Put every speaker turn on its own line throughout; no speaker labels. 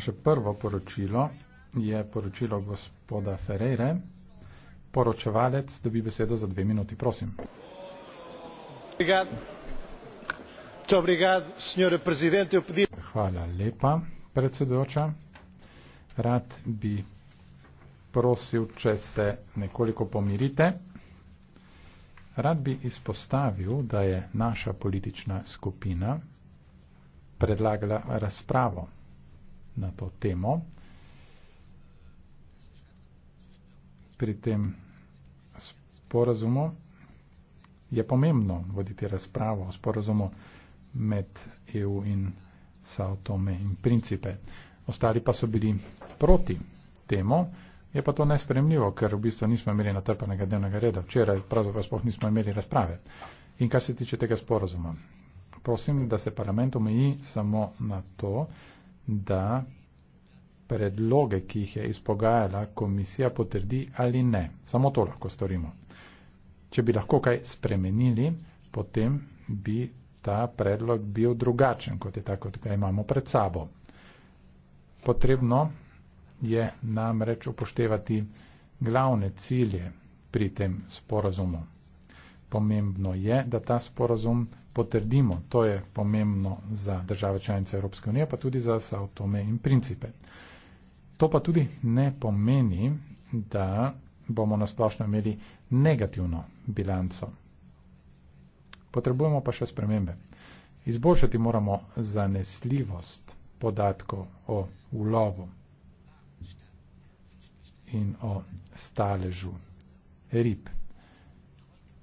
Naše prvo poročilo je poročilo gospoda Ferreira. Poročevalec dobi besedo za dve minuti, prosim. Hvala lepa, predsedujoča. Rad bi prosil, če se nekoliko pomirite. Rad bi izpostavil, da je naša politična skupina predlagala razpravo na to temo. Pri tem sporazumu je pomembno voditi razpravo o sporazumu med EU in Sao Tome in Principe. Ostali pa so bili proti temu. Je pa to nespremljivo, ker v bistvu nismo imeli natrpanega dnevnega reda. Včeraj pravzaprav sploh nismo imeli razprave. In kar se tiče tega sporozuma, prosim, da se parlament omeji samo na to, da predloge, ki jih je izpogajala komisija, potrdi ali ne. Samo to lahko storimo. Če bi lahko kaj spremenili, potem bi ta predlog bil drugačen, kot je tako, kot ga imamo pred sabo. Potrebno je namreč upoštevati glavne cilje pri tem sporazumu. Pomembno je, da ta sporazum potrdimo. To je pomembno za države članice Evropske unije, pa tudi za Sao Tome in Principe. To pa tudi ne pomeni, da bomo nasplošno imeli negativno bilanco. Potrebujemo pa še spremembe. Izboljšati moramo zanesljivost podatkov o ulovu in o staležu rib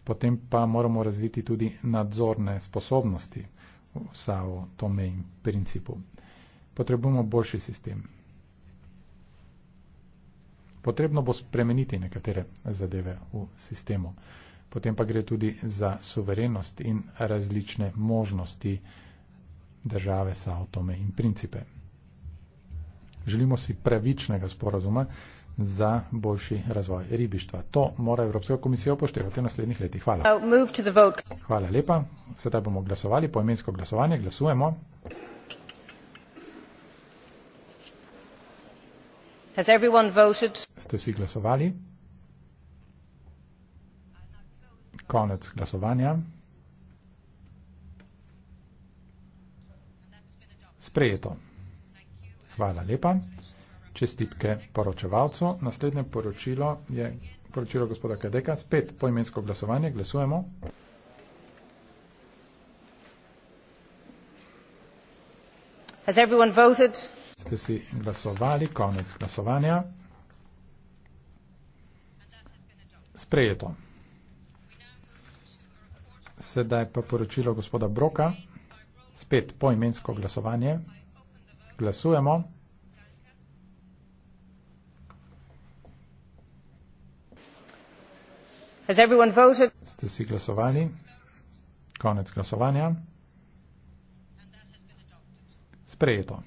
potem pa moramo razviti tudi nadzorne sposobnosti vsa v tome in principu. Potrebujemo boljši sistem. Potrebno bo spremeniti nekatere zadeve v sistemu. Potem pa gre tudi za suverenost in različne možnosti države sa o tome in principe. Želimo si pravičnega sporazuma za boljši razvoj ribištva. To mora Evropska komisija upoštevati v naslednjih letih. Hvala. Hvala lepa. Sedaj bomo glasovali po imensko glasovanje. Glasujemo. Ste vsi glasovali? Konec glasovanja. Sprejeto. Hvala lepa. Čestitke poročevalcu. Naslednje poročilo je poročilo gospoda Kadeka. Spet poimensko glasovanje. Glasujemo. Has everyone voted? Ste si glasovali? Konec glasovanja. Sprejeto. Sedaj pa poročilo gospoda Broka. Spet poimensko glasovanje. Glasujemo. Has everyone voted? Ste si glasovali? Konec glasovanja. Sprejeto.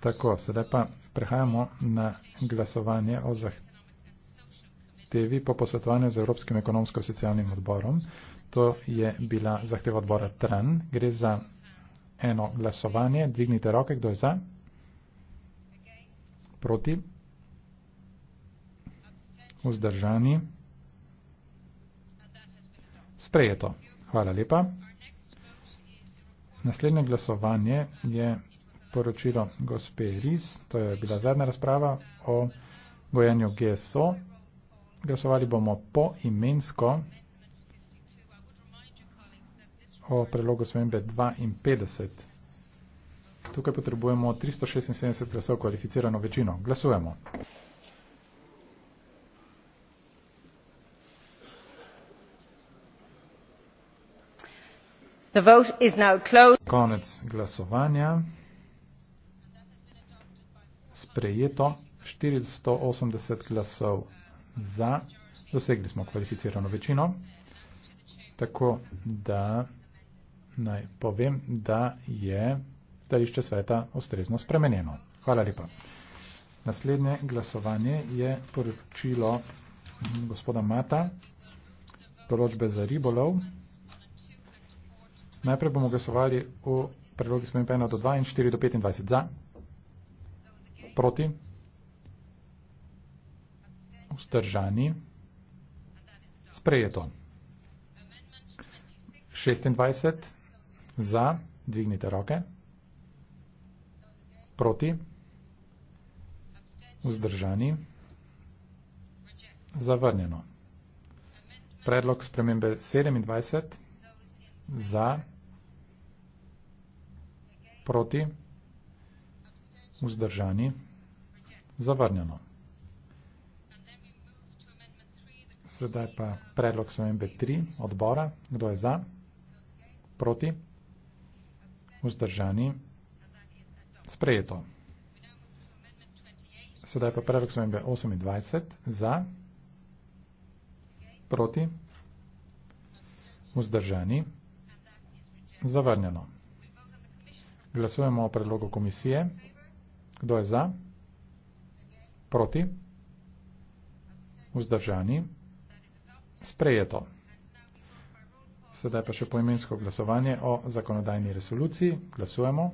Tako, sedaj pa prehajamo na glasovanje o zahtevi po posvetovanju z Evropskim ekonomsko-socialnim odborom. To je bila zahteva odbora TREN. Gre za eno glasovanje. Dvignite roke, kdo je za. Proti. Vzdržani. Sprejeto. Hvala lepa. Naslednje glasovanje je poročilo gospe Riz. To je bila zadnja razprava o gojanju GSO. Glasovali bomo po imensko o predlogu spremembe 52. Tukaj potrebujemo 376 glasov kvalificirano večino. Glasujemo. The vote is now closed. Konec glasovanja. Sprejeto 480 glasov za. Dosegli smo kvalificirano večino. Tako da naj povem, da je stališče sveta ustrezno spremenjeno. Hvala lepa. Naslednje glasovanje je poročilo gospoda Mata, določbe za ribolov. Najprej bomo glasovali o predlogi spremembe 1 do 2 in 4 do 25 za, proti, vzdržani, sprejeto. 26. Za, dvignite roke. Proti. Vzdržani. Zavrnjeno. Predlog spremembe 27. Za. Proti. Vzdržani. Zavrnjeno. Sedaj pa predlog spremembe 3 odbora. Kdo je za? Proti vzdržani, sprejeto. Sedaj pa predlog spremembe 28 za, proti, vzdržani, zavrnjeno. Glasujemo o predlogu komisije. Kdo je za? Proti? Vzdržani? Sprejeto. Sedaj pa še poimensko glasovanje o zakonodajni resoluciji. Glasujemo.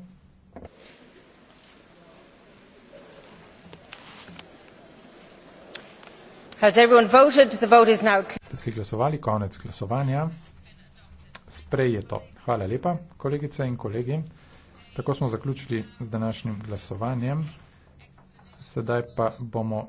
Has everyone voted? The vote is now Ste si glasovali? Konec glasovanja. Sprejeto. Hvala lepa, kolegice in kolegi. Tako smo zaključili z današnjim glasovanjem. Sedaj pa bomo